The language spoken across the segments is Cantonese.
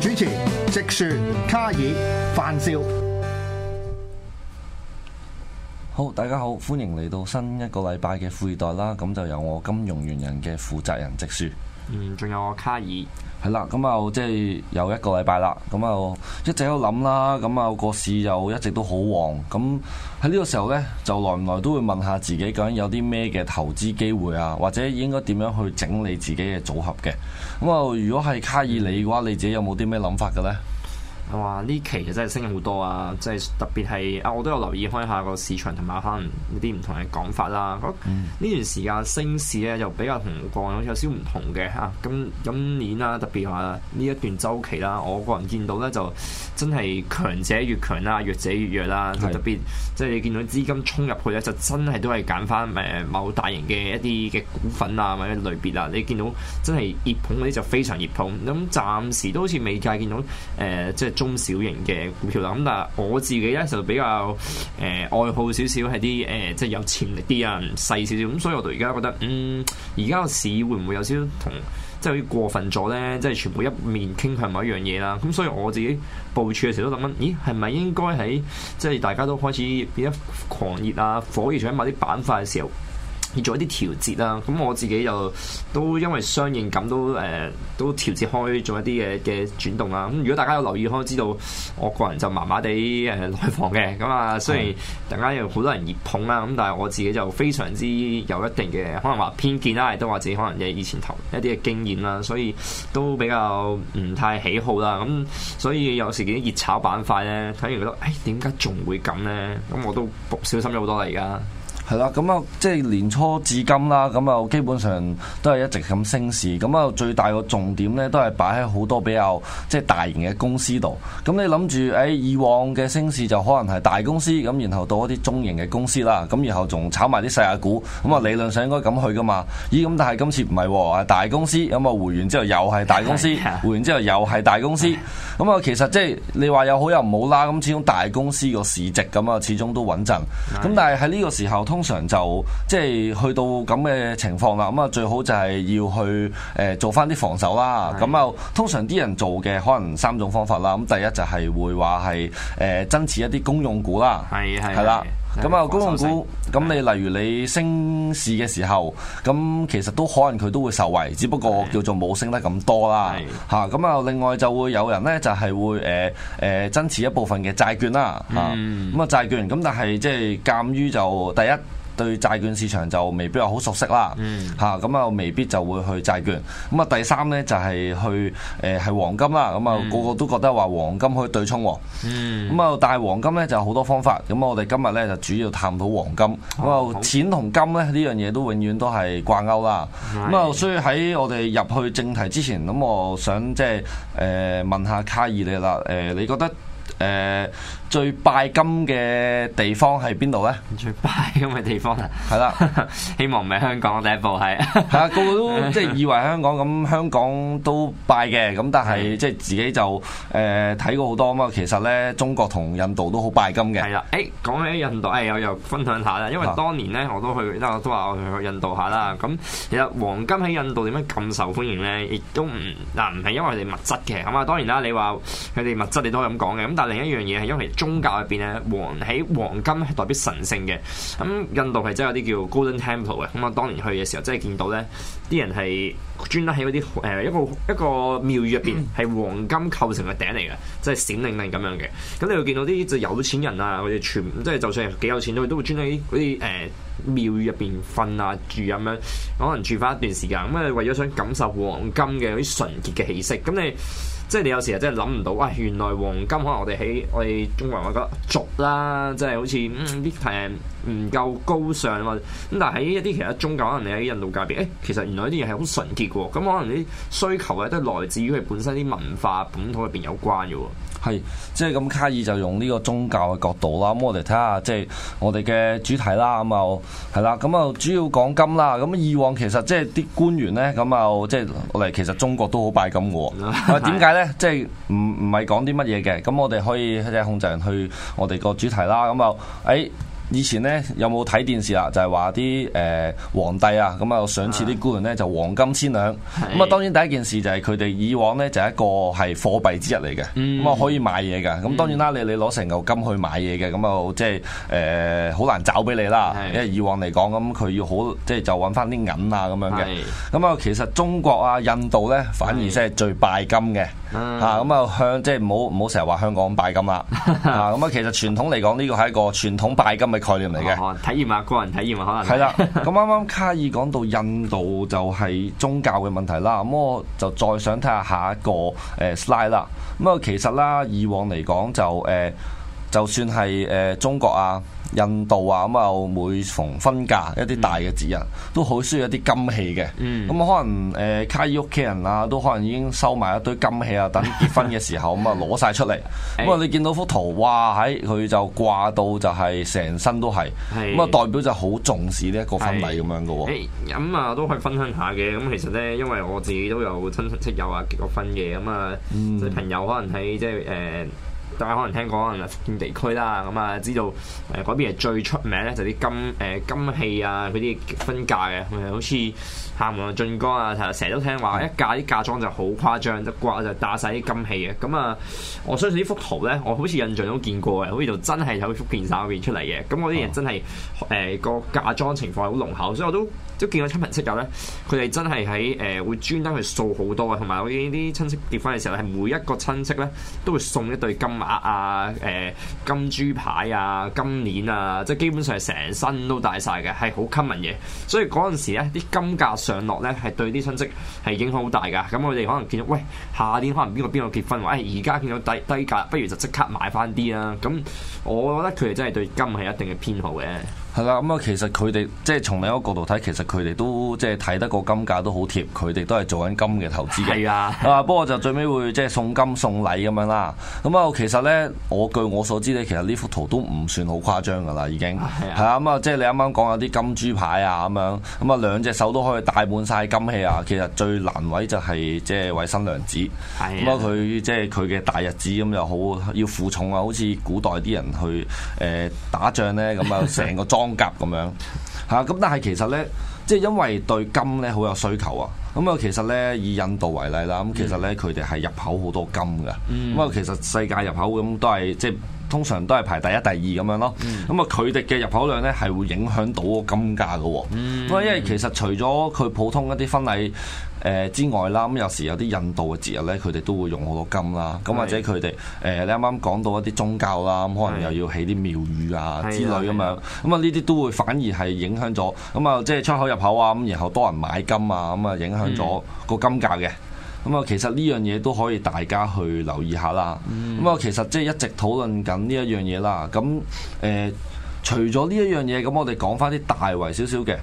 主持直樹、卡爾、范少，好，大家好，歡迎嚟到新一個禮拜嘅富易袋啦，咁就由我金融元人嘅負責人直樹。嗯，仲有我卡爾。係啦，咁 啊，即係又一個禮拜啦，咁啊，一直都諗啦，咁啊，個市又一直都好旺，咁喺呢個時候呢，就來唔來都會問下自己究竟有啲咩嘅投資機會啊，或者應該點樣去整理自己嘅組合嘅。咁啊，如果係卡爾你嘅話，你自己有冇啲咩諗法嘅呢？哇！呢期就真係升咗好多啊，即係特別係啊，我都有留意開下個市場同埋可能啲唔同嘅講法啦。咁呢、嗯、段時間升市咧就比較同過，有少少唔同嘅嚇。咁今，今年啦，特別話呢一段周期啦，我個人見到咧就真係強者越強啦，弱者越弱啦。是特別即係你見到資金衝入去咧，就真係都係揀返誒某大型嘅一啲嘅股份啊，或者類別啊。你見到真係熱捧嗰啲就非常熱捧。咁暫時都好似未見到誒，即、呃、係。就是中小型嘅股票啦，咁但係我自己咧就比較誒、呃、愛好少少係啲誒即係有潛力啲啊細少少，咁所以我到而家覺得嗯而家個市會唔會有少少同即係過分咗咧？即係全部一面傾向某一樣嘢啦，咁所以我自己部署嘅時候都諗緊，咦係咪應該喺即係大家都開始變得狂熱啊，火熱搶買啲板塊嘅時候，要做一啲調節啦，咁我自己就都因為相應感都，都、呃、誒都調節開，做一啲嘅嘅轉動啦。咁如果大家有留意開，知道我個人就麻麻地誒內房嘅，咁啊雖然突然間有好多人熱捧啦，咁但係我自己就非常之有一定嘅，可能話偏見啦，亦都話自己可能嘅以前頭一啲嘅經驗啦，所以都比較唔太喜好啦。咁所以有時啲熱炒板塊咧，睇完覺得誒點解仲會咁咧？咁我都小心咗好多啦，而家。係啦，咁啊，即係年初至今啦，咁啊，基本上都係一直咁升市。咁啊，最大個重點咧，都係擺喺好多比較即係大型嘅公司度。咁你諗住，誒、欸、以往嘅升市就可能係大公司，咁然後到一啲中型嘅公司啦，咁然後仲炒埋啲細價股。咁啊，理論上應該咁去㗎嘛？咦，咁但係今次唔係喎，係大公司咁啊，回完之後又係大公司，回完之後又係大公司。咁啊，其實即係你話有好又唔好啦。咁始終大公司個 市值咁啊，始終都穩陣。咁但係喺呢個時候通通常就即係去到咁嘅情況啦，咁啊，最好就係要去誒、呃、做翻啲防守啦。咁啊是的 通常啲人做嘅可能三種方法啦。咁第一就係會話係誒增持一啲公用股啦，係啦。咁啊，公用股，咁你例如你升市嘅時候，咁是的，其實都可能佢都會受惠，只不過叫做冇升得咁多啦。吓，咁啊，另外就會有人咧，就係、是、會誒誒、呃呃、增持一部分嘅債券啦。吓，咁啊債券，咁、啊、但係即係鑒於就，是就第一。對債券市場就未必好熟悉啦，嚇咁、嗯、啊，未必就會去債券。咁啊，第三呢，就係、是、去誒係、呃、黃金啦。咁啊，個個都覺得話黃金可以對沖、哦。咁啊，但係黃金呢，就有好多方法。咁我哋今日呢，就主要探討黃金。咁啊、哦，錢同金呢，呢樣嘢都永遠都係掛鈎啦。咁啊，所以喺我哋入去正題之前，咁我想即係誒問下卡爾你啦。誒、呃，你覺得誒，呃呃呃最拜金嘅地方係邊度咧？最拜金嘅地方啊，係啦，希望唔係香港第一步。係係啊，個個都即係以為香港咁，香港都拜嘅，咁但係即係自己就誒睇、呃、過好多啊嘛。其實咧，中國同印度都好拜金嘅。係啊，誒、欸、講起印度，誒、欸、又又分享下啦。因為當年咧，我都去，因為我都話我去印度下啦。咁其實黃金喺印度點樣咁受歡迎咧？亦都唔嗱唔係因為佢哋物質嘅咁啊。當然啦，你話佢哋物質，你都可以咁講嘅。咁但係另一樣嘢係因為。宗教入邊咧，黃喺黃金係代表神聖嘅。咁印度係真係有啲叫 Golden Temple 嘅。咁我當年去嘅時候，真係見到咧，啲人係專登喺嗰啲誒一個一個廟宇入邊係黃金構成嘅頂嚟嘅，即係閃靈靈咁樣嘅。咁你會見到啲就有錢人啊，或者全即係就算幾有錢都都會專登喺嗰啲誒廟宇入邊瞓啊住咁、啊、樣，可能住翻一段時間。咁啊為咗想感受黃金嘅嗰啲純潔嘅氣息，咁你。即係你有時啊，真係諗唔到，哇、哎！原來黃金可能我哋喺我哋中國人覺得俗啦，即係好似啲唔夠高尚。咁但係喺一啲其他宗教，可能你喺印度界別，誒、哎，其實原來啲嘢係好純潔嘅喎。咁、嗯、可能啲需求咧都係來自於佢本身啲文化本土入邊有關嘅喎。係，即係咁。卡爾就用呢個宗教嘅角度、嗯，看看嗯、啦。咁我哋睇下，即係我哋嘅主題啦。咁啊，係啦。咁啊，主要講金啦。咁、嗯、以往其實即係啲官員咧，咁啊，即係我哋其實中國都好拜金嘅、哦。咁點解咧？即係唔唔係講啲乜嘢嘅？咁、嗯、我哋可以控制人去我哋個主題啦。咁、嗯、啊，誒、嗯。以前咧有冇睇電視啊？就係話啲誒皇帝啊，咁啊賞賜啲官人咧就黃金千兩，咁啊當然第一件事就係佢哋以往咧就係一個係貨幣之一嚟嘅，咁啊、嗯、可以買嘢嘅，咁當然啦、啊，嗯、你你攞成嚿金去買嘢嘅，咁啊即係誒好難找俾你啦。是因為以往嚟講，咁佢要好即係就揾翻啲銀啊咁樣嘅。咁啊是其實中國啊印度，咧反而即係最拜金嘅嚇。咁是啊向、啊、即係唔好唔好成日話香港拜金啦。咁啊其實傳統嚟講呢個係一個傳統拜金嘅。概念嚟嘅，可能體驗下個人體驗啊，可能係啦。咁啱啱卡爾講到印度就係宗教嘅問題啦。咁我就再想睇下下一個誒 slide 啦。咁啊，其實啦，以往嚟講就誒、呃，就算係誒、呃、中國啊。印度啊，咁啊每逢婚嫁一啲大嘅節日，嗯、都好需要一啲金器嘅。咁、嗯嗯、可能誒、呃、卡爾屋企人啊，都可能已經收埋一堆金器啊，等結婚嘅時候咁啊攞晒出嚟。咁啊、哎，你見到幅圖，哇喺佢、哎、就掛到就係、是、成身都係，咁啊是代表就好重視呢一個婚禮咁樣嘅喎。咁啊、哎嗯嗯、都可以分享下嘅。咁其實咧，因為我自己都有親戚戚友啊結過婚嘅，咁啊啲朋友可能喺即係誒。呃呃呃嗯嗯大家可能聽講可能福建地區啦，咁啊知道誒嗰邊係最出名咧，就啲、係、金誒金器啊嗰啲分界啊。嘅，係好似。廈門晉江啊，成日都聽話一嫁啲嫁妝就好誇張，得啩就戴晒啲金器嘅。咁啊，我相信呢幅圖咧，我好似印象中見過嘅，好似就真係喺福建省嗰邊出嚟嘅。咁我啲人真係誒、哦呃、個嫁妝情況好濃厚，所以我都都見過親朋戚友咧，佢哋真係喺誒會專登去掃好多啊，同埋我哋啲親戚結婚嘅時候係每一個親戚咧都會送一對金鈪啊、誒、呃、金珠牌啊、金鏈啊，即係基本上係成身都戴晒嘅，係好 common 嘅。所以嗰陣時咧啲金價。 上落咧係對啲親戚係影響好大㗎，咁我哋可能見到喂，夏天可能邊個邊個結婚話，誒而家見到低低價，不如就即刻買翻啲啊！咁我覺得佢哋真係對金係一定嘅偏好嘅。係啦，咁啊、嗯，其實佢哋即係從另一個角度睇，其實佢哋都即係睇得個金價都好貼，佢哋都係做緊金嘅投資嘅。係啊，啊吧，不過就最尾會即係送金送禮咁樣啦。咁、嗯、啊，其實咧，我據我所知咧，其實呢幅圖都唔算好誇張噶啦，已經係啊。咁啊，嗯、即係你啱啱講有啲金豬牌啊，咁樣，咁、嗯、啊，兩隻手都可以戴滿晒金器啊。其實最難為就係、是、即係為新娘子，咁啊，佢、嗯、即係佢嘅大日子咁又好，嗯、要負重啊，好似古代啲人去誒打仗咧，咁啊成個裝 鋼甲咁樣嚇，咁 但係其實咧，即係因為對金咧好有需求啊，咁啊其實咧以印度為例啦，咁其實咧佢哋係入口好多金嘅，咁啊其實世界入口咁都係即係。通常都係排第一、第二咁樣咯，咁啊佢哋嘅入口量呢係會影響到個金價嘅喎。嗯、因為其實除咗佢普通一啲婚禮誒之外啦，咁有時有啲印度嘅節日呢，佢哋都會用好多金啦。咁是或者佢哋誒，你啱啱講到一啲宗教啦，咁可能又要起啲廟宇啊之類咁樣。咁啊是，呢啲都會反而係影響咗，咁啊即係出口入口啊，咁然後多人買金啊，咁啊影響咗個金價嘅。咁啊，其實呢樣嘢都可以大家去留意下啦。咁啊，其實即係一直討論緊呢一樣嘢啦。咁誒，呃，除咗呢一樣嘢，咁我哋講翻啲大圍少少嘅。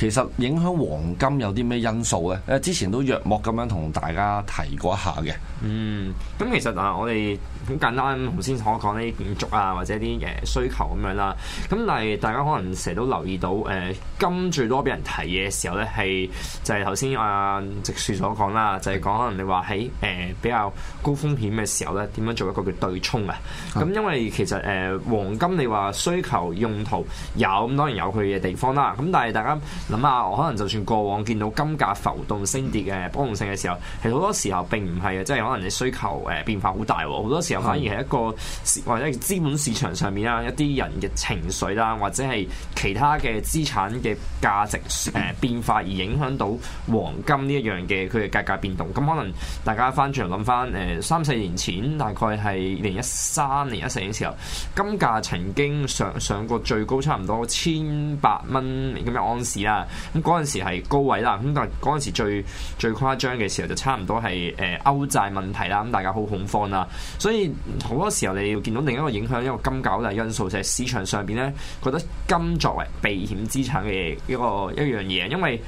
其實影響黃金有啲咩因素咧？誒之前都約莫咁樣同大家提過一下嘅。嗯，咁其實啊，我哋好簡單，頭先所講呢啲建築啊，或者啲誒、呃、需求咁樣啦。咁但係大家可能成日都留意到，誒、呃、金最多俾人提嘅時候咧，係就係頭先啊直樹所講啦，就係、是、講可能你話喺誒比較高風險嘅時候咧，點樣做一個叫對沖啊？咁、啊、因為其實誒、呃、黃金你話需求用途有，咁當然有佢嘅地方啦。咁但係大家諗下，我可能就算過往見到金價浮動升跌嘅波動性嘅時候，其實好多時候並唔係。即係可能你需求誒、呃、變化好大喎，好多時候反而係一個或者資本市場上面啊一啲人嘅情緒啦，或者係其他嘅資產嘅價值誒、呃、變化而影響到黃金呢一樣嘅佢嘅價格，格嘅變動。咁、嗯、可能大家翻轉諗翻誒三四年前，大概係二零一三年一四年時候，金價曾經上上過最高差唔多千百蚊咁嘅安士啦。咁嗰陣時係高位啦，咁但係嗰陣時最最誇張嘅時候就差唔多係誒歐債問題啦，咁大家好恐慌啦，所以好多時候你要見到另一個影響，一個金價好大因素就係市場上面咧覺得金作為避險資產嘅一個一樣嘢，因為。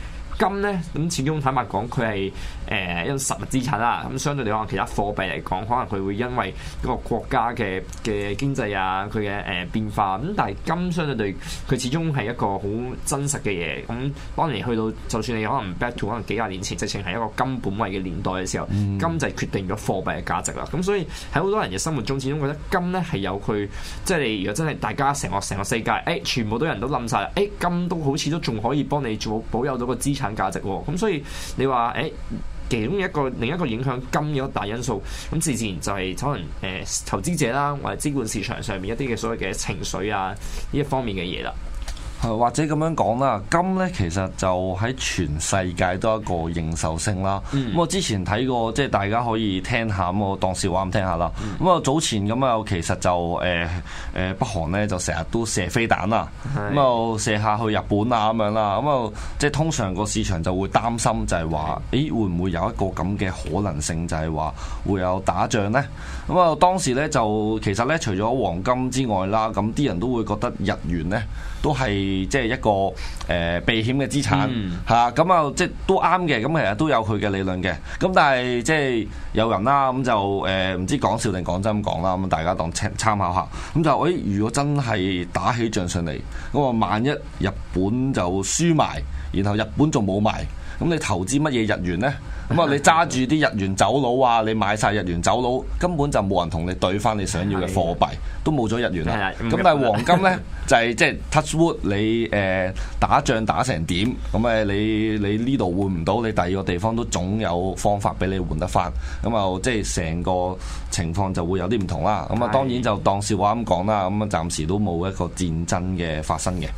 金咧，咁始終坦白講，佢係誒一種實物資產啦。咁相對嚟講，其他貨幣嚟講，可能佢會因為一個國家嘅嘅經濟啊，佢嘅誒變化。咁但係金相對佢始終係一個好真實嘅嘢。咁、嗯、當年去到，就算你可能 back to 可能幾廿年前，直情係一個金本位嘅年代嘅時候，嗯、金就係決定咗貨幣嘅價值啦。咁所以喺好多人嘅生活中，始終覺得金咧係有佢即係你如果真係大家成個成個世界，誒、哎、全部都人都冧晒，啦、哎，誒金都好似都仲可以幫你做保有到個資產。價值喎，咁、嗯、所以你話誒、欸、其中一個另一個影響金嘅一大因素，咁自然就係可能誒、呃、投資者啦，或者資本市場上面一啲嘅所謂嘅情緒啊，呢一方面嘅嘢啦。或者咁樣講啦，金呢其實就喺全世界都係一個認受性啦。咁我、嗯、之前睇過，即係大家可以聽下，我當笑話咁聽下啦。咁啊、嗯、早前咁啊，其實就誒誒北韓呢，就成日都射飛彈啦，咁啊是 射下去日本啦，咁樣啦，咁啊即係通常個市場就會擔心，就係話：咦，會唔會有一個咁嘅可能性，就係、是、話會有打仗呢。咁啊當時呢，就其實呢，除咗黃金之外啦，咁啲人都會覺得日元呢。都係即係一個誒避險嘅資產嚇，咁啊即都啱嘅，咁其實都有佢嘅理論嘅。咁但係即係有人啦，咁就誒唔知講笑定講真咁講啦，咁大家當參考下。咁就誒，如果真係打起仗上嚟，咁啊萬一日本就輸埋，然後日本仲冇埋，咁你投資乜嘢日元呢？咁啊、嗯！你揸住啲日元走佬啊！你買晒日元走佬，根本就冇人同你兌翻你想要嘅貨幣，都冇咗日元啦。咁、嗯、但係黃金咧， 就係即係 touch wood，你誒、呃、打仗打成點，咁誒？你你呢度換唔到，你第二個地方都總有方法俾你換得翻。咁啊，即係成個情況就會有啲唔同啦。咁啊，當然就當笑話咁講啦。咁啊，暫時都冇一個戰爭嘅發生嘅。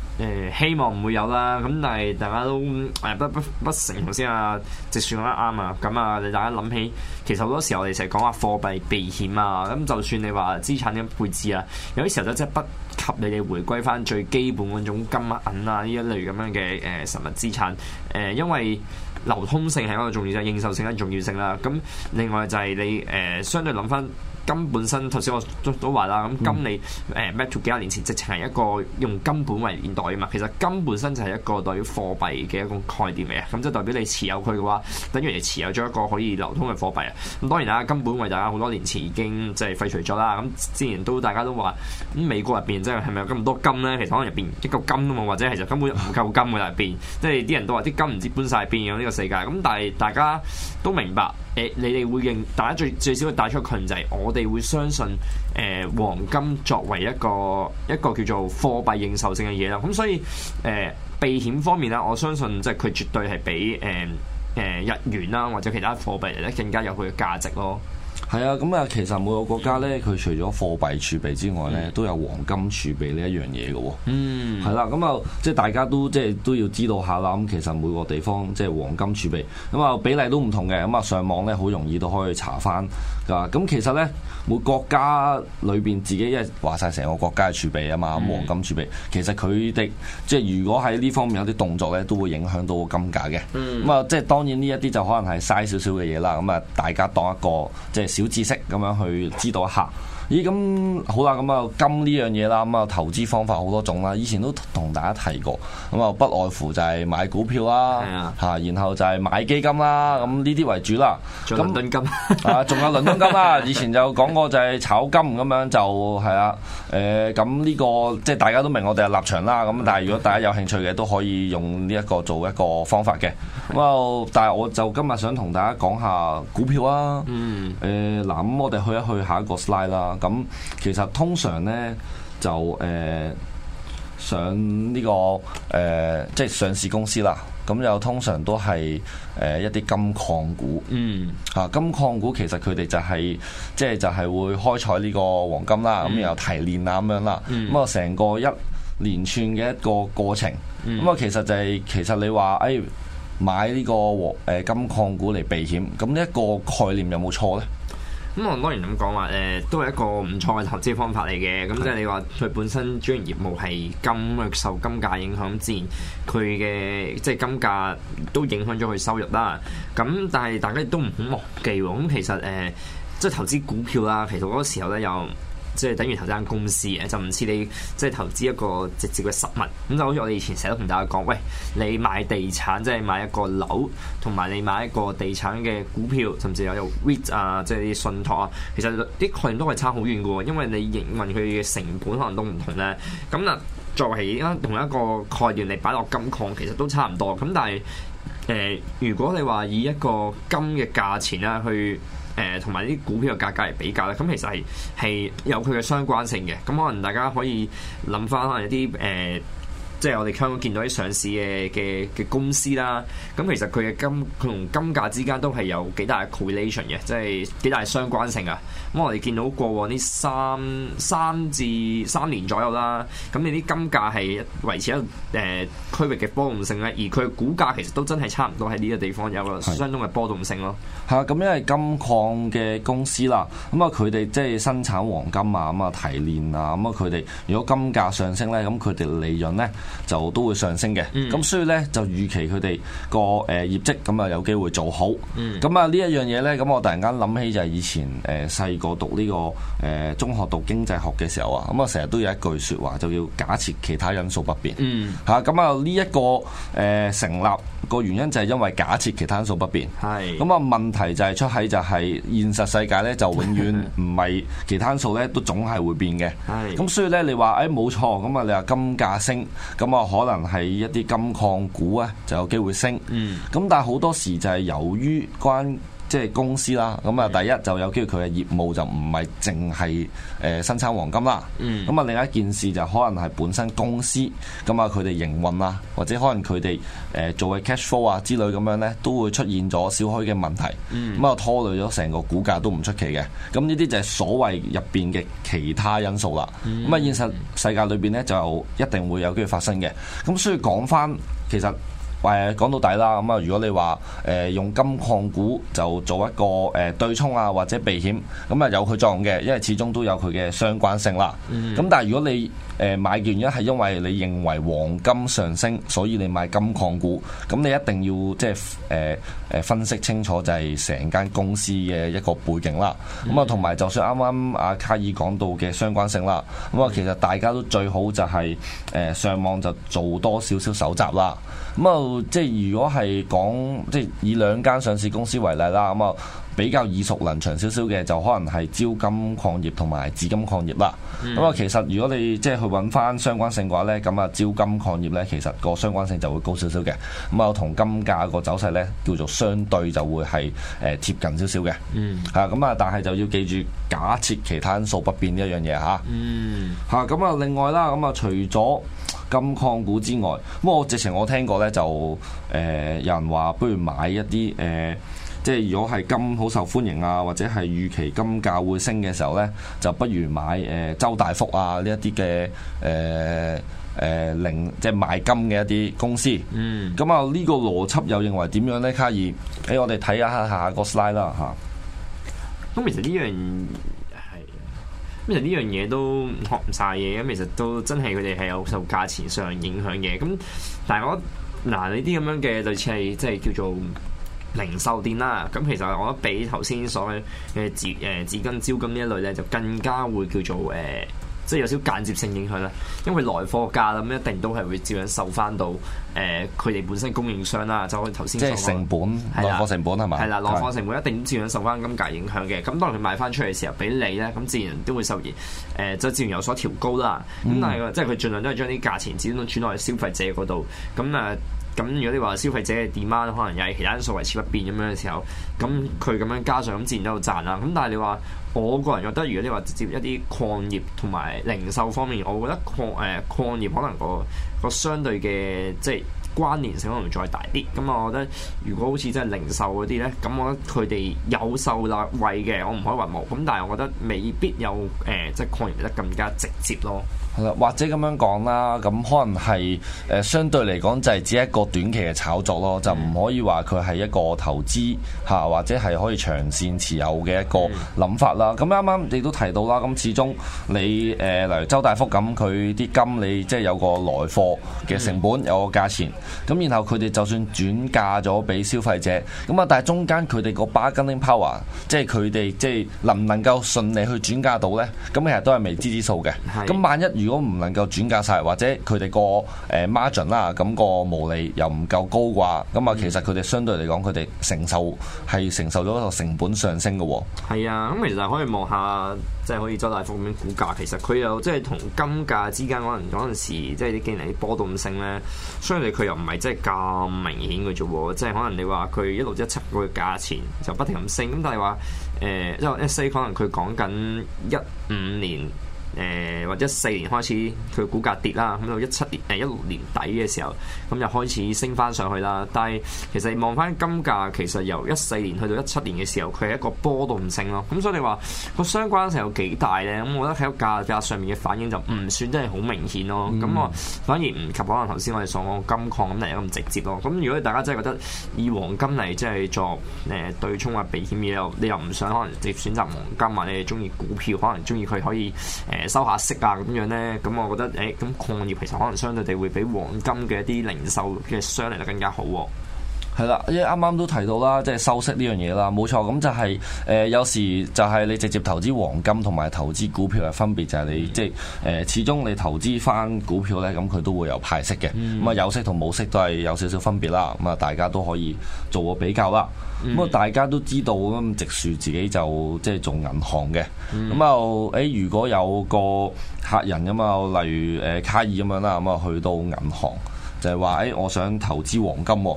誒，希望唔會有啦。咁但係大家都誒不不不，不成先啊！就算啦啱啊！咁啊！你、嗯、大家諗起，其實好多時候我哋成日講話貨幣避險啊，咁就算你話資產嘅配置啊，有啲時候都即係不及你哋回歸翻最基本嗰種金銀啊呢一類咁樣嘅誒實物資產誒、呃，因為流通性係一個重要性、認受性嘅重要性啦。咁另外就係你誒、呃、相對諗翻。金本身，頭先我都都話啦，咁金你誒 back to 幾廿年前，直情係一個用金本為現代啊嘛。其實金本身就係一個對於貨幣嘅一個概念嚟啊。咁、嗯、即係代表你持有佢嘅話，等於你持有咗一個可以流通嘅貨幣啊。咁、嗯、當然啦，金本位大家好多年前已經即係廢除咗啦。咁之前都大家都話，咁、嗯、美國入邊即係係咪有咁多金咧？其實可能入邊一嚿金啊嘛，或者其實根本唔夠金嘅入邊，即係啲人都話啲金唔知搬晒邊樣呢個世界。咁但係大家都明白。誒，你哋會認大家最最少會帶出個強制，我哋會相信誒、呃、黃金作為一個一個叫做貨幣認受性嘅嘢啦。咁所以誒、呃、避險方面咧，我相信即係佢絕對係比誒誒、呃呃、日元啦或者其他貨幣嚟得更加有佢嘅價值咯。係啊，咁、嗯、啊，嗯、其實每個國家咧，佢除咗貨幣儲備之外咧，都有黃金儲備呢一樣嘢嘅喎。嗯，係啦，咁啊，即係大家都即係都要知道下啦。咁其實每個地方即係、就是、黃金儲備，咁啊比例都唔同嘅。咁啊上網咧，好容易都可以查翻。啊、嗯，咁、嗯、其實咧，每國家裏邊自己一話晒成個國家嘅儲備啊嘛，咁黃金儲備其實佢哋即係如果喺呢方面有啲動作咧，都會影響到金價嘅。咁啊、嗯，即係當然呢一啲就可能係嘥少少嘅嘢啦。咁啊，大家當一個即係。就是小知識咁樣去知道一下。咦，咁、哎、好啦，咁啊金呢樣嘢啦，咁啊投資方法好多種啦，以前都同大家提過，咁啊不外乎就係買股票啦，吓、啊，然後就係買基金啦，咁呢啲為主啦，仲有倫敦金， 啊，仲有倫敦金啦，以前就講過就係炒金咁樣就係啦，誒、啊，咁、呃、呢、這個即係大家都明我哋嘅立場啦，咁但係如果大家有興趣嘅都可以用呢一個做一個方法嘅，咁啊，但係我就今日想同大家講下股票、嗯、啊，誒、呃，嗱，咁我哋去一去下一個 slide 啦。咁其實通常呢，就誒、呃、上呢、呢個誒、呃、即係上市公司啦，咁又通常都係誒一啲金礦股，嗯，啊金礦股其實佢哋就係即係就係、是、會開採呢個黃金啦，咁又、嗯、提煉啊咁樣啦，咁啊成個一連串嘅一個過程，咁啊、嗯、其實就係、是、其實你話誒、哎、買呢個黃金礦股嚟避險，咁呢一個概念有冇錯呢？咁、嗯、我當然咁講話，誒、呃、都係一個唔錯嘅投資方法嚟嘅。咁即係你話佢本身專營業務係金，受金價影響，嗯、自然佢嘅即係金價都影響咗佢收入啦。咁、嗯、但係大家亦都唔好忘記喎。咁、嗯、其實誒，即、呃、係、就是、投資股票啦，其實嗰個時候咧又～有即係等於投先間公司嘅，就唔似你即係、就是、投資一個直接嘅實物，咁就好似我哋以前成日都同大家講，喂，你買地產即係、就是、買一個樓，同埋你買一個地產嘅股票，甚至有有 REIT 啊，即係啲信託啊，其實啲概念都係差好遠嘅喎，因為你營運佢嘅成本可能都唔同咧。咁啊，作為而家同一個概念嚟擺落金礦，其實都差唔多。咁但係誒、呃，如果你話以一個金嘅價錢咧去，誒同埋啲股票嘅價格嚟比較咧，咁其實係係有佢嘅相關性嘅。咁可能大家可以諗翻，可能一啲誒。呃即係我哋香港見到啲上市嘅嘅嘅公司啦，咁其實佢嘅金佢同金價之間都係有幾大嘅 correlation 嘅，即係幾大相關性啊。咁我哋見到過往呢三三至三年左右啦，咁你啲金價係維持一誒、呃、區域嘅波動性咧，而佢股價其實都真係差唔多喺呢個地方有個相當嘅波動性咯。係啊，咁因為金礦嘅公司啦，咁啊佢哋即係生產黃金啊，咁啊提煉啊，咁啊佢哋如果金價上升咧，咁佢哋利潤咧，就都會上升嘅，咁所以呢，就預期佢哋個誒業績咁啊有機會做好。咁啊呢一樣嘢呢，咁我突然間諗起就係以前誒細個讀呢個誒中學讀經濟學嘅時候啊，咁啊成日都有一句説話，就要假設其他因素不變。嚇，咁啊呢一個誒成立個原因就係因為假設其他因素不變。係。咁啊問題就係出喺就係現實世界呢，就永遠唔係其他因素呢，都總係會變嘅。係。咁所以呢，你話誒冇錯，咁啊你話金價升。咁啊，可能係一啲金礦股啊，就有機會升。嗯，咁但係好多時就係由於關。即係公司啦，咁、嗯、啊第一就有機會佢嘅業務就唔係淨係誒生產黃金啦。咁啊、嗯、另一件事就可能係本身公司咁啊佢哋營運啊，或者可能佢哋誒做嘅 cash flow 啊之類咁樣呢，都會出現咗少許嘅問題。咁啊、嗯、拖累咗成個股價都唔出奇嘅。咁呢啲就係所謂入邊嘅其他因素啦。咁啊、嗯嗯、現實世界裏邊呢，就一定會有機會發生嘅。咁所以講翻其實。誒講到底啦，咁啊，如果你話誒、呃、用金礦股就做一個誒、呃、對沖啊，或者避險，咁啊有佢作用嘅，因為始終都有佢嘅相關性啦。咁、mm hmm. 但係如果你誒、呃、買嘅原因係因為你認為黃金上升，所以你買金礦股，咁你一定要即係誒誒分析清楚就係成間公司嘅一個背景啦。咁啊、mm，同、hmm. 埋就算啱啱阿卡爾講到嘅相關性啦，咁啊，其實大家都最好就係、是、誒、呃、上網就做多少少蒐集啦。咁啊～即係如果係講即係以兩間上市公司為例啦，咁啊比較耳熟能詳少少嘅，就可能係招金礦業同埋紫金礦業啦。咁啊、嗯，其實如果你即係去揾翻相關性嘅話呢，咁啊招金礦業呢，其實個相關性就會高少少嘅。咁啊同金價個走勢呢，叫做相對就會係誒貼近少少嘅。嗯，嚇咁啊，但係就要記住，假設其他因素不變呢一樣嘢嚇。啊、嗯，嚇咁啊，另外啦，咁啊除咗金礦股之外，咁我直情我聽過呢，就誒、呃、有人話，不如買一啲誒、呃，即係如果係金好受歡迎啊，或者係預期金價會升嘅時候呢，就不如買誒、呃、周大福啊呢一啲嘅誒誒零，即係買金嘅一啲公司。嗯。咁啊，呢個邏輯又認為點樣呢？卡爾，俾、欸、我哋睇一下個 slide 啦嚇。咁其實呢樣。其實呢樣嘢都學唔晒嘢，咁其實都真係佢哋係有受價錢上影響嘅。咁但係我嗱呢啲咁樣嘅類似係即係叫做零售店啦。咁其實我覺得比頭先所謂嘅紙誒、呃、紙巾、招金呢一類咧，就更加會叫做誒。呃即係有少少間接性影響啦，因為來貨價啦，咁、嗯、一定都係會照樣受翻到誒佢哋本身供應商啦，就我頭先即係成本，係啦的，來貨成本係嘛？係啦的，來的貨成本一定照樣受翻金價影響嘅。咁當佢賣翻出嚟嘅時候，俾你咧，咁自然都會受而就、呃、自然有所調高啦。咁、嗯嗯、但係即係佢盡量都係將啲價錢自動轉落去消費者嗰度。咁誒咁，如果你話消費者嘅 demand 可能又係其他因素維持不變咁樣嘅時候，咁佢咁樣加上咁自然都有賺啦。咁但係你話。我個人覺得，如果你話直接一啲礦業同埋零售方面，我覺得礦誒礦業可能個個相對嘅即係關聯性可能再大啲。咁我覺得如果好似真係零售嗰啲咧，咁我覺得佢哋有受帶惠嘅，我唔可以話冇。咁但係我覺得未必有誒、呃、即係礦業得更加直接咯。或者咁樣講啦，咁可能係誒相對嚟講就係只一個短期嘅炒作咯，就唔可以話佢係一個投資吓，或者係可以長線持有嘅一個諗法啦。咁啱啱你都提到啦，咁始終你誒例如周大福咁，佢啲金你即係、就是、有個來貨嘅成本，有個價錢。咁然後佢哋就算轉嫁咗俾消費者，咁啊但係中間佢哋個 bargaining power，即係佢哋即係能唔能夠順利去轉嫁到呢？咁其實都係未知之數嘅。咁萬一如果唔能夠轉嫁晒，或者佢哋個誒 margin 啦，咁個毛利又唔夠高啩，咁啊，其實佢哋相對嚟講，佢哋承受係承受咗一個成本上升嘅、哦。係啊，咁、嗯、其實可以望下，即、就、係、是、可以周大福咁樣股價。其實佢又即係同金價之間可能嗰陣時，即係啲經歷啲波動性咧，相對佢又唔係即係咁明顯嘅啫喎。即、就、係、是、可能你話佢一路一層嗰個價錢就不停咁升，咁但係話誒，即、呃、係、就是、say 可能佢講緊一五年。誒或者四年開始佢個股價跌啦，咁到一七年誒一六年底嘅時候，咁就開始升翻上去啦。但係其實你望翻金價，其實由一四年去到一七年嘅時候，佢係一個波動性咯。咁所以你話個相關性有幾大咧？咁我覺得喺個價格上面嘅反應就唔算真係好明顯咯。咁我反而唔及可能頭先我哋所講金礦咁嚟咁直接咯。咁如果大家真係覺得以黃金嚟即係作誒對沖啊避險嘅，又你又唔想可能直接選擇黃金啊，你哋中意股票，可能中意佢可以誒，收下息啊咁樣呢？咁我覺得誒，咁、欸、礦業其實可能相對地會比黃金嘅一啲零售嘅商嚟得更加好喎、啊。係啦，因為啱啱都提到啦，即、就、係、是、收息呢樣嘢啦，冇錯。咁就係、是、誒、呃，有時就係你直接投資黃金同埋投資股票嘅分別，就係、是、你即係誒，始終你投資翻股票咧，咁佢都會有派息嘅。咁啊、嗯，有息同冇息都係有少少分別啦。咁啊，大家都可以做個比較啦。咁啊、嗯，大家都知道咁，直樹自己就即係、就是、做銀行嘅。咁啊、嗯，誒、欸，如果有個客人咁啊，例如誒卡爾咁樣啦，咁啊去到銀行就係話誒，我想投資黃金、哦。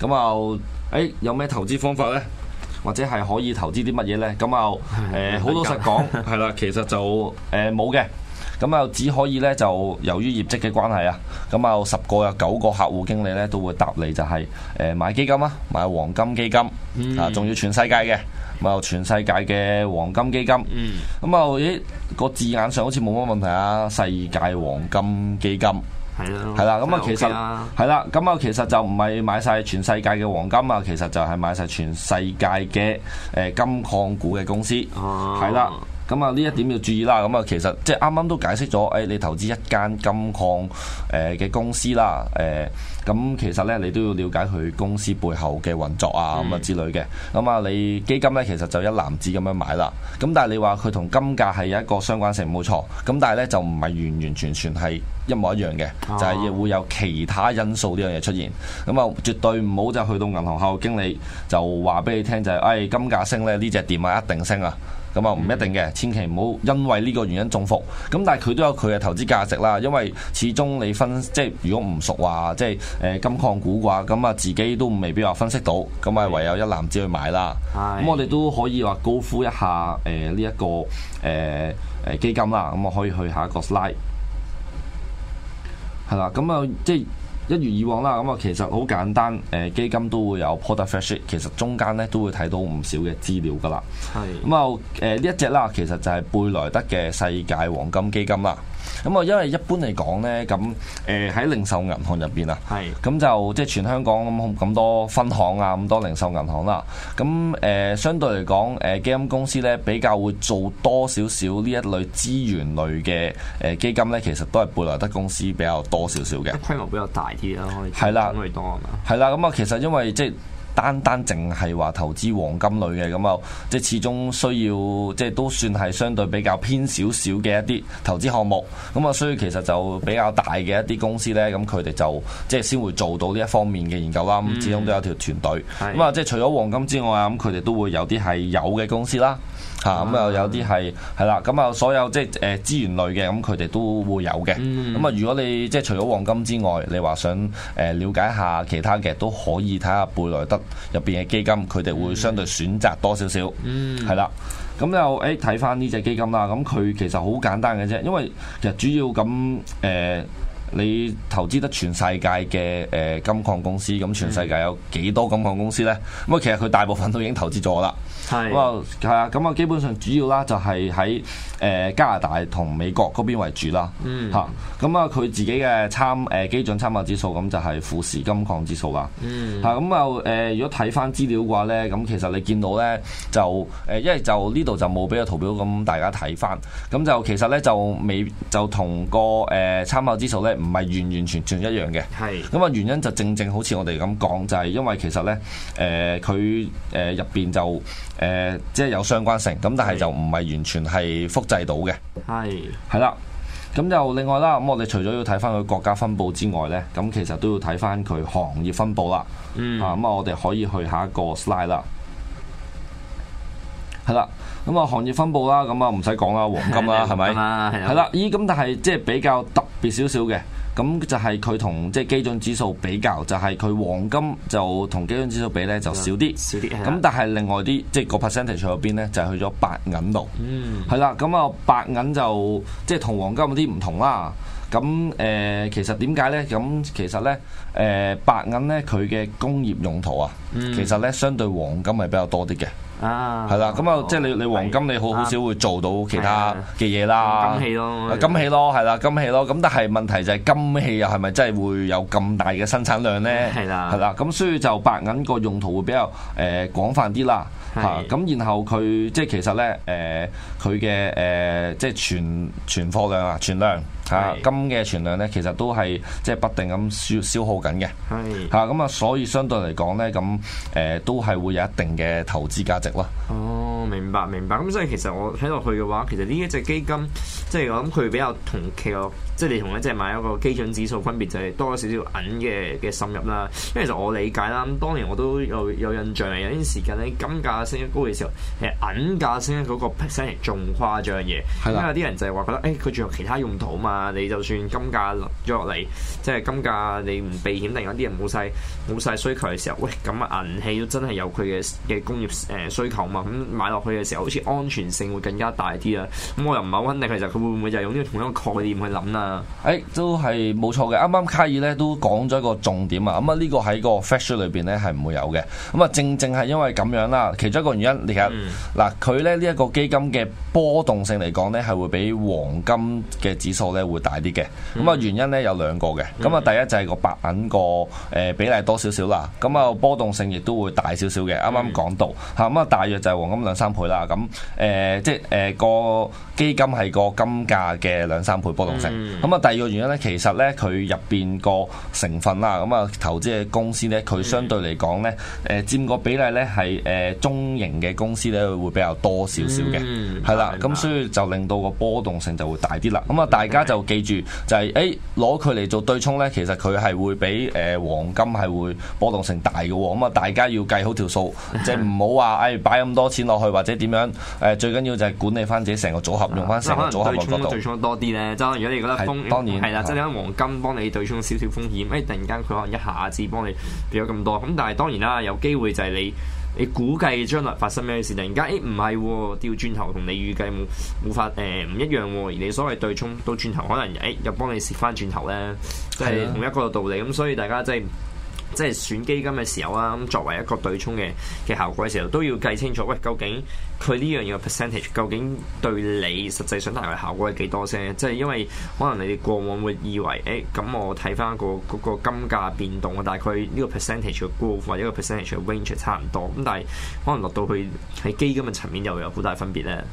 咁又，誒、欸、有咩投資方法呢？或者係可以投資啲乜嘢呢？咁又，誒好老實講，係啦，其實就誒冇嘅。咁、欸、又只可以呢，就由於業績嘅關係啊，咁又十個有九個客戶經理呢，都會答你、就係，就係誒買基金啊，買黃金基金、嗯、啊，仲要全世界嘅，買全世界嘅黃金基金。咁啊，咦、欸、個字眼上好似冇乜問題啊，世界黃金基金。係啦，咁啊其實係啦，咁啊其實就唔係買晒全世界嘅黃金啊，其實就係買晒全世界嘅誒金，金礦股嘅公司，係啦，oh。咁啊，呢一點要注意啦。咁啊，其實即係啱啱都解釋咗，誒、哎，你投資一間金礦誒嘅公司啦，誒、呃，咁其實呢，你都要了解佢公司背後嘅運作啊，咁啊、嗯、之類嘅。咁、嗯、啊，你基金呢，其實就一籃子咁樣買啦。咁但係你話佢同金價係有一個相關性錯，冇錯。咁但係呢，就唔係完完全全係一模一樣嘅，就係、是、會有其他因素呢樣嘢出現。咁、嗯、啊，絕對唔好就去到銀行客戶經理就話俾你聽就係、是，誒、哎，金價升呢，呢隻跌啊，一定升啊。咁啊，唔、嗯、一定嘅，千祈唔好因為呢個原因中伏。咁但係佢都有佢嘅投資價值啦，因為始終你分即係如果唔熟話、啊，即係誒金礦股嘅話，咁啊自己都未必話分析到，咁啊唯有一籃子去買啦。咁的我哋都可以話高呼一下誒呢一個誒誒、呃、基金啦。咁、嗯、我可以去下一個 slide，係啦，咁啊即係。一如以往啦，咁啊其實好簡單，誒基金都會有 portfolio，e r 其實中間咧都會睇到唔少嘅資料噶啦。係是，咁啊誒呢一隻啦，其實就係貝萊德嘅世界黃金基金啦。咁啊，因為一般嚟講呢，咁誒喺零售銀行入邊啊，咁是的 就即係全香港咁咁多分行啊，咁多零售銀行啦、啊。咁誒、呃、相對嚟講，誒基金公司呢比較會做多少少呢一類資源類嘅誒基金呢，其實都係貝萊德公司比較多少少嘅。規模比較大啲啦，係啦，因為的多係嘛，係啦。咁啊，其實因為即係。單單淨係話投資黃金類嘅咁啊，即係始終需要即係都算係相對比較偏少少嘅一啲投資項目。咁啊，所以其實就比較大嘅一啲公司呢，咁佢哋就即係先會做到呢一方面嘅研究啦。咁始終都有條團隊。咁啊、嗯，即係除咗黃金之外，咁佢哋都會有啲係有嘅公司啦。嚇，咁又有啲係係啦。咁啊，啊有就所有即係誒資源類嘅，咁佢哋都會有嘅。咁啊、嗯，如果你即係除咗黃金之外，你話想誒瞭解下其他嘅都可以睇下貝萊德。入邊嘅基金，佢哋會相對選擇多少少，係啦、嗯。咁又誒，睇翻呢隻基金啦。咁佢其實好簡單嘅啫，因為其實主要咁誒、呃，你投資得全世界嘅誒、呃、金礦公司，咁全世界有幾多金礦公司呢？咁啊，其實佢大部分都已經投資咗啦。係，咁啊，係啊，咁啊，基本上主要啦，就係喺誒加拿大同美國嗰邊為主啦，嚇、嗯，咁啊，佢自己嘅參誒基準參考指數咁就係富時金礦指數啦，嚇、嗯，咁啊，誒，如果睇翻資料嘅話咧，咁其實你見到咧就誒，因為就呢度就冇俾個圖表咁大家睇翻，咁就其實咧就未就同個誒參考指數咧唔係完完全全一樣嘅，咁啊係原因就正正好似我哋咁講，就係、是、因為其實咧誒佢誒入邊就。誒、呃，即係有相關性，咁但係就唔係完全係複製到嘅。係係啦，咁又另外啦，咁我哋除咗要睇翻佢國家分佈之外呢，咁其實都要睇翻佢行業分佈啦。嗯、啊，咁啊，我哋可以去下一個 slide 啦。係啦，咁啊，行業分佈啦，咁啊，唔使講啦，黃金啦，係咪？係啦，咦，咁但係即係比較特別少少嘅。咁就係佢同即係基準指數比較，就係、是、佢黃金就同基準指數比咧就少啲，少啲。咁 但係另外啲即係個 percentage 去邊咧？就係、是就是、去咗白銀度。嗯，係啦。咁啊、就是呃呃，白銀就即係同黃金有啲唔同啦。咁誒，其實點解咧？咁其實咧，誒白銀咧，佢嘅工業用途啊，mm. 其實咧相對黃金係比較多啲嘅。啊，係啦、嗯，咁啊，即係你你黃金你好好、啊、少會做到其他嘅嘢啦、嗯，金器咯，金器咯，係啦，金器咯，咁但係問題就係金器又係咪真係會有咁大嘅生產量咧？係啦的，係啦，咁所以就白銀個用途會比較誒、呃、廣泛啲啦，嚇是的、啊，咁然後佢即係其實咧誒佢嘅誒即係存存貨量啊存量。啊，金嘅存量咧，其實都係即係不定咁消消耗緊嘅。係是，吓咁啊，所以相對嚟講咧，咁誒、呃、都係會有一定嘅投資價值咯。哦。Oh. 明白，明白。咁、嗯、所以其實我睇落去嘅話，其實呢一隻基金，即係我諗佢比較同其他，即係你同一隻買一個基準指數分別就係多少少銀嘅嘅深入啦。因為其實我理解啦，咁當年我都有有印象，有啲時間咧金價升得高嘅時候，其實銀價升嗰、那個 percent 仲誇張嘅。嘢的。因為有啲人就係話覺得，佢、欸、仲有其他用途啊嘛。你就算金價落咗落嚟，即、就、係、是、金價你唔避險，定有啲人冇晒冇曬需求嘅時候，喂，咁銀器都真係有佢嘅嘅工業誒需求嘛。咁買落。落去嘅時候，好似安全性會更加大啲啊！咁我又唔係好肯定，其實佢會唔會就係用呢個同樣嘅概念去諗啊？誒、哎，都係冇錯嘅。啱啱卡爾咧都講咗一個重點啊！咁、嗯、啊，嗯嗯、個個呢個喺個 fraction 裏邊咧係唔會有嘅。咁啊，正正係因為咁樣啦。其中一個原因，你其實嗱，佢咧、嗯、呢一、呢個基金嘅波動性嚟講咧係會比黃金嘅指數咧會大啲嘅。咁、嗯、啊，嗯嗯、原因咧有兩個嘅。咁、嗯、啊、嗯嗯，第一就係個白銀個誒比例多少少啦。咁啊，波動性亦都會大少少嘅。啱啱講到嚇，咁啊、嗯嗯，大約就係黃金兩三。三倍啦，咁誒、嗯，即係誒個基金係個金價嘅兩三倍波動性。咁啊，第二個原因咧，其實咧佢入邊個成分啦，咁啊投資嘅公司咧，佢相對嚟講咧，誒佔個比例咧係誒中型嘅公司咧會比較多少少嘅，係啦、嗯。咁的所以就令到個波動性就會大啲啦。咁啊，大家就記住就係誒攞佢嚟做對沖咧，其實佢係會比誒黃金係會波動性大嘅。咁啊，大家要計好條數， 即係唔好話誒擺咁多錢落去。或者點樣？誒、啊，最緊要就係管理翻自己成個組合，用翻成個、啊、可能對沖都對沖多啲咧。即、就、係、是、如果你覺得風當然，係啦、嗯，啊、即係有黃金幫你對沖少少風險。誒、欸，突然間佢可能一下子幫你掉咗咁多。咁、嗯、但係當然啦，有機會就係你你估計將來發生咩事，突然間誒唔係掉轉頭同你預計冇冇法誒唔、呃、一樣喎。而你所謂對沖到轉頭，可能誒、欸、又幫你蝕翻轉頭咧，即、就、係、是、同一個道理。咁所以大家即係。嗯。即係選基金嘅時候啊，咁作為一個對沖嘅嘅效果嘅時候，都要計清楚，喂，究竟佢呢樣嘢嘅 percentage 究竟對你實際上帶來效果係幾多先。即係因為可能你哋過往會以為，誒、欸，咁我睇翻、嗰個嗰、嗰個金價變動啊，大概呢個 percentage 嘅 group 或者個 percentage 嘅 range 差唔多，咁但係可能落到去喺基金嘅層面又有好大分別咧。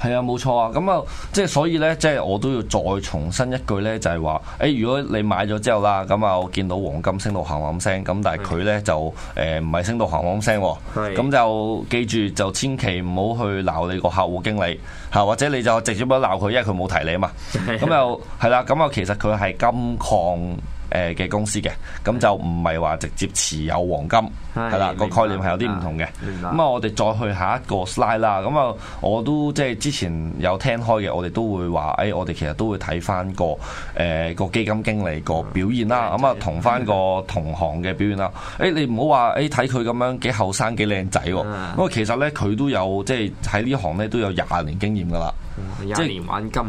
係啊，冇錯啊，咁啊，即係所以呢，即係我都要再重申一句呢，就係話，誒，如果你買咗之後啦，咁啊，我見到黃金升到行行聲，咁但係佢呢，是的 就誒唔係升到行行聲，咁是的 就記住就千祈唔好去鬧你個客戶經理，吓或者你就直接唔好鬧佢，因為佢冇提你啊嘛，咁又係啦，咁啊其實佢係金礦誒嘅公司嘅，咁就唔係話直接持有黃金。係啦，個概念係有啲唔同嘅。咁啊，我哋再去下一個 slide 啦。咁啊，我都即係之前有聽開嘅，我哋都會話，誒，我哋其實都會睇翻個誒個基金經理個表現啦。咁啊，同翻個同行嘅表現啦。誒，你唔好話，誒，睇佢咁樣幾後生幾靚仔，咁啊，其實咧佢都有即係喺呢行咧都有廿年經驗噶啦。廿年玩金，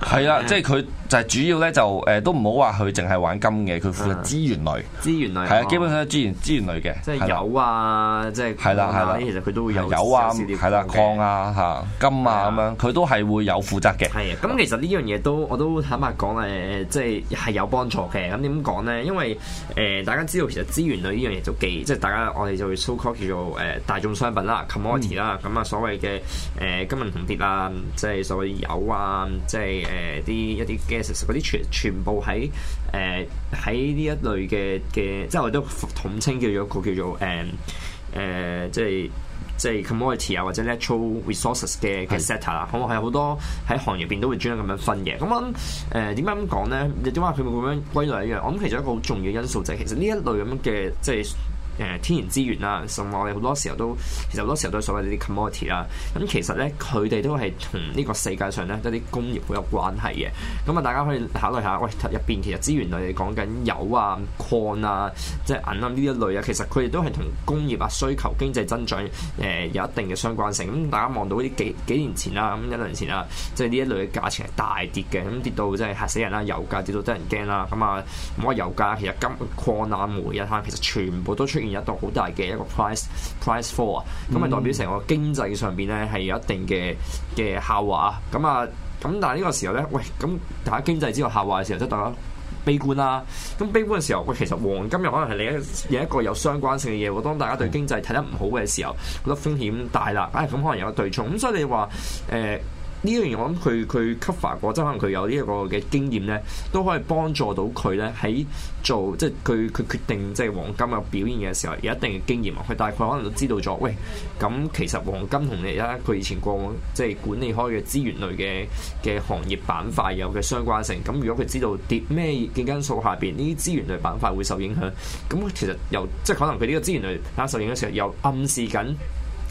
係啊，即係佢就係主要咧就誒都唔好話佢淨係玩金嘅，佢負責資源類，資源類係啊，基本上資源資源類嘅。有，有啊，即係，係啦係啦，其實佢都會有有啊，係啦，礦啊吓金啊咁樣，佢都係會有負責嘅。係啊，咁其實呢樣嘢都我都坦白講誒即係，係有幫助嘅。咁點講咧？因為誒、呃、大家知道其實資源類呢樣嘢就幾，即係大家我哋就會 so called 叫做誒大眾商品啦，commodity 啦、嗯。咁啊，呃就是、所謂嘅誒金銀銅鐵啊，即係所謂油啊，即係誒啲一啲 gas 嗰啲全全部喺誒喺呢一類嘅嘅，即係我都統稱叫做個叫做。誒，誒、嗯呃，即係即係 commodity 啊，或者 natural resources 嘅嘅 set 啦。咁我係好多喺行業入邊都會專登咁樣分嘅。咁、呃、樣誒，點解咁講咧？你點解佢會咁樣歸類一樣？我諗其中一個好重要因素就係，其實呢一類咁嘅即係。誒天然資源啦，甚至我哋好多時候都其實好多時候都係所謂啲 commodity 啦。咁其實咧，佢哋都係同呢個世界上咧一啲工業好有關係嘅。咁啊，大家可以考慮下，喂入邊其實資源類講緊油啊、礦啊、即係銀啊呢一類啊，其實佢哋都係同工業啊需求、經濟增長誒有一定嘅相關性。咁大家望到啲幾幾年前啦，咁一兩年前啦，即係呢一類嘅價錢係大跌嘅，咁跌到真係嚇死人啦！油價跌到得人驚啦，咁啊，咁啊油價其實金、礦、啊、煤啊，其實全部都出。有一度好大嘅一個 price price fall 啊，咁咪代表成個經濟上邊咧係有一定嘅嘅下滑啊，咁啊，咁但係呢個時候咧，喂，咁大家經濟之後下滑嘅時候，即係大家悲觀啦，咁悲觀嘅時候，喂，其實黃金又可能係另一有一個有相關性嘅嘢喎。當大家對經濟睇得唔好嘅時候，覺得風險大啦，咁、哎、可能有個對沖，咁所以你話誒。欸呢樣嘢我諗佢佢 cover 過，即可能佢有呢一個嘅經驗咧，都可以幫助到佢咧喺做即係佢佢決定即係黃金嘅表現嘅時候有一定嘅經驗啊。佢大概可能都知道咗，喂，咁其實黃金同你而家佢以前過往即係管理開嘅資源類嘅嘅行業板塊有嘅相關性。咁如果佢知道跌咩嘅因素下邊呢啲資源類板塊會受影響，咁其實又即係可能佢呢個資源類拉受影響嘅時候，又暗示緊。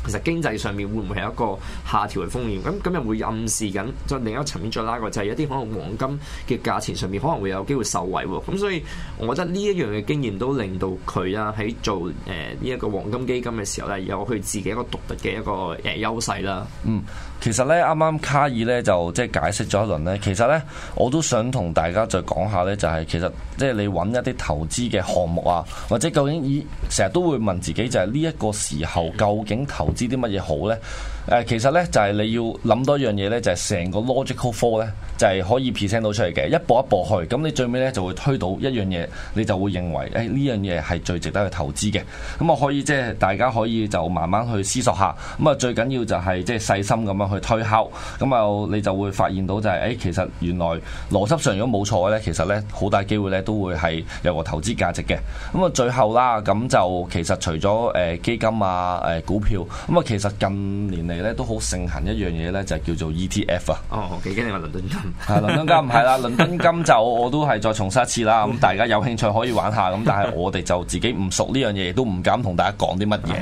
其實經濟上面會唔會係一個下調嘅風險？咁咁又會暗示緊，再、就是、另一個層面再拉過，就係、是、一啲可能黃金嘅價錢上面可能會有機會受惠喎、哦。咁所以，我覺得呢一樣嘅經驗都令到佢呀喺做誒呢一個黃金基金嘅時候咧，有佢自己一個獨特嘅一個誒優勢啦。嗯，其實咧啱啱卡爾咧就即係解釋咗一輪咧。其實咧，我都想同大家再講下咧，就係其實即係你揾一啲投資嘅項目啊，或者究竟以成日都會問自己，就係呢一個時候究竟投？唔知啲乜嘢好咧？誒其實咧就係、是、你要諗多樣嘢咧，就係、是、成個 logical flow 咧，就係、是、可以 present 到出嚟嘅。一步一步去，咁你最尾咧就會推到一樣嘢，你就會認為誒呢、哎、樣嘢係最值得去投資嘅。咁啊可以即係大家可以就慢慢去思索下。咁啊最緊要就係即係細心咁樣去推敲。咁啊你就會發現到就係、是、誒、哎、其實原來邏輯上如果冇錯嘅咧，其實咧好大機會咧都會係有個投資價值嘅。咁啊最後啦，咁就其實除咗誒、呃、基金啊誒、呃、股票，咁啊其實近年都好盛行一樣嘢咧，就係、是、叫做 ETF 啊！哦、oh，OK，跟住話倫敦金， 啊、倫敦金唔係啦， 倫敦金就我，我都係再重申一次啦。咁大家有興趣可以玩下，咁但係我哋就自己唔熟呢樣嘢，亦都唔敢同大家講啲乜嘢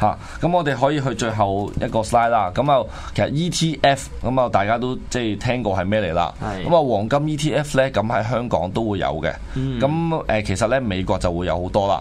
嚇。咁、 啊、我哋可以去最後一個 slide 啦。咁啊，其實 ETF 咁啊，大家都即係聽過係咩嚟啦？咁啊，黃金 ETF 咧，咁喺香港都會有嘅。咁誒、啊，其實咧美國就會有好多啦。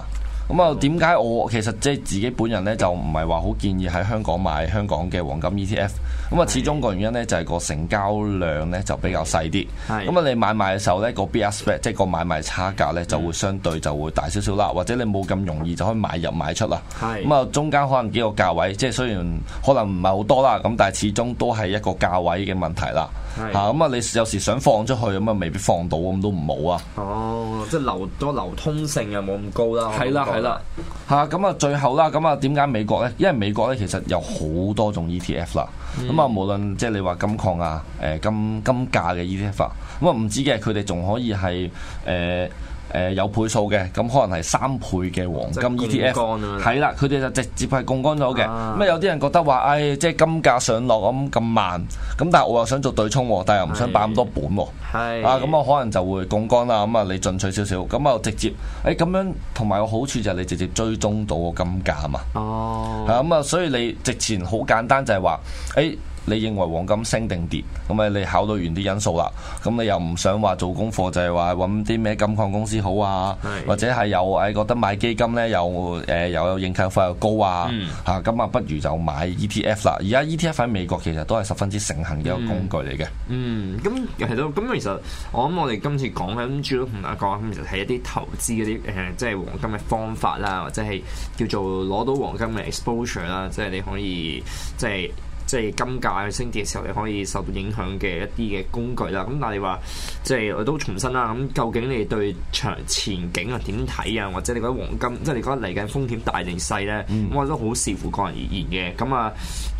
咁啊，點解我其實即係自己本人咧，就唔係話好建議喺香港買香港嘅黃金 ETF？咁啊的，始終個原因咧就係、是、個成交量咧就比較細啲。咁啊的，你買賣嘅時候咧，個 bid ask 即係個買賣差價咧就會相對就會大少少啦，或者你冇咁容易就可以買入買出啦。咁啊的、嗯，中間可能幾個價位，即係雖然可能唔係好多啦，咁但係始終都係一個價位嘅問題啦。吓咁啊！你有時想放出去咁啊，未必放到咁都唔好啊。哦，即係流多流通性又冇咁高啦。係啦係啦，吓 咁樂啊！最後啦，咁啊，點解美國咧？因為美國咧，其實有好多種 ETF 啦、嗯。咁啊，無論即係你話金礦啊，誒金金價嘅 ETF，咁啊唔知嘅，佢哋仲可以係誒。呃誒、呃、有倍數嘅，咁可能係三倍嘅黃金 ETF，係、啊、啦，佢哋就直接係槓桿咗嘅。咁、啊嗯、有啲人覺得話，誒即係金價上落咁咁慢，咁但係我又想做對沖，但係又唔想擺咁多本喎。係啊，咁、嗯、我可能就會槓桿啦。咁、嗯、啊，你進取少少，咁、嗯、啊直接誒咁、哎、樣，同埋個好處就係你直接追蹤到個金價嘛。哦，係咁啊，所以你直前好簡單就係話誒。哎你認為黃金升定跌？咁啊，你考慮完啲因素啦。咁你又唔想話做功課，就係話揾啲咩金礦公司好啊？是的 或者係有誒覺得買基金咧，有誒又、呃、有應酬費又高啊？嚇咁、嗯、啊，不如就買 ETF 啦。而家 ETF 喺美國其實都係十分之盛行嘅一個工具嚟嘅、嗯。嗯，咁係咯。咁其實我諗我哋今次講緊朱總同阿哥，其實係一啲投資嗰啲誒，即係黃金嘅方法啦，或者係叫做攞到黃金嘅 exposure 啦，即係你可以即係。即即係金價去升跌嘅時候，你可以受到影響嘅一啲嘅工具啦。咁但係話，即係我都重申啦。咁究竟你對長前景啊點睇啊，或者你覺得黃金，即係你覺得嚟緊風險大定細咧？咁、嗯、我覺得都好視乎個人而言嘅。咁、嗯、啊，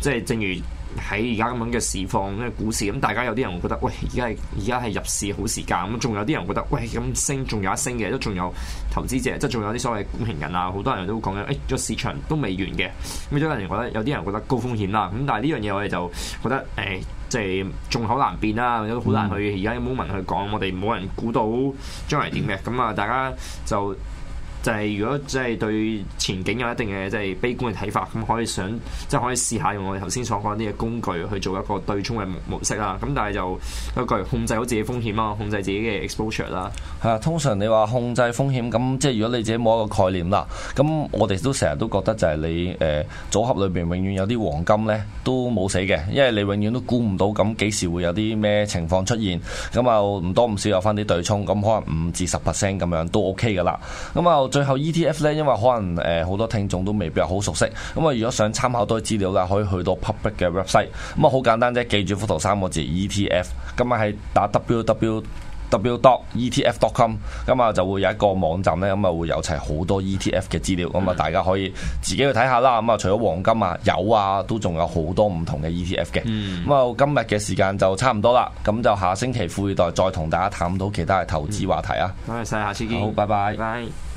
即係正如。喺而家咁樣嘅市況，呢個股市咁，大家有啲人會覺得喂，而家係而家係入市好時間咁，仲有啲人會覺得喂，咁升仲有一升嘅，都仲有投資者，即係仲有啲所謂股評人啊，好多人都會講緊誒，個、哎、市場都未完嘅咁。最近嚟講咧，有啲人覺得高風險啦，咁但係呢樣嘢我哋就覺得誒，即係眾口難辨啦，都好難去而家有冇人去講，我哋冇人估到將來點嘅咁啊，大家就。就係如果即係對前景有一定嘅即係悲觀嘅睇法，咁可以想即係、就是、可以試下用我哋頭先所講啲嘅工具去做一個對沖嘅模式啦。咁但係就一句控制好自己風險啊，控制自己嘅 exposure 啦。係啊，通常你話控制風險咁，即係如果你自己冇一個概念啦，咁我哋都成日都覺得就係你誒、呃、組合裏邊永遠有啲黃金呢都冇死嘅，因為你永遠都估唔到咁幾時會有啲咩情況出現。咁啊唔多唔少有翻啲對沖，咁可能五至十 percent 咁樣都 OK 噶啦。咁啊～最後 ETF 咧，因為可能誒好、呃、多聽眾都未必好熟悉，咁、嗯、啊，如果想參考多啲資料啦，可以去到 public 嘅 website，咁啊好、嗯、簡單啫，記住幅圖三個字 ETF，咁、嗯、啊喺打 www.etf.com，d o、嗯、t 咁啊就會有一個網站咧，咁、嗯、啊、嗯嗯嗯、會有齊好多 ETF 嘅資料，咁、嗯、啊、嗯、大家可以自己去睇下啦，咁、嗯、啊除咗黃金啊、油啊，都仲有好多唔同嘅 ETF 嘅，咁、嗯、啊、嗯、今日嘅時間就差唔多啦，咁就下星期富二代再同大家探討到其他嘅投資話題啊，多、嗯、謝曬，下次見，好，拜拜，拜，拜。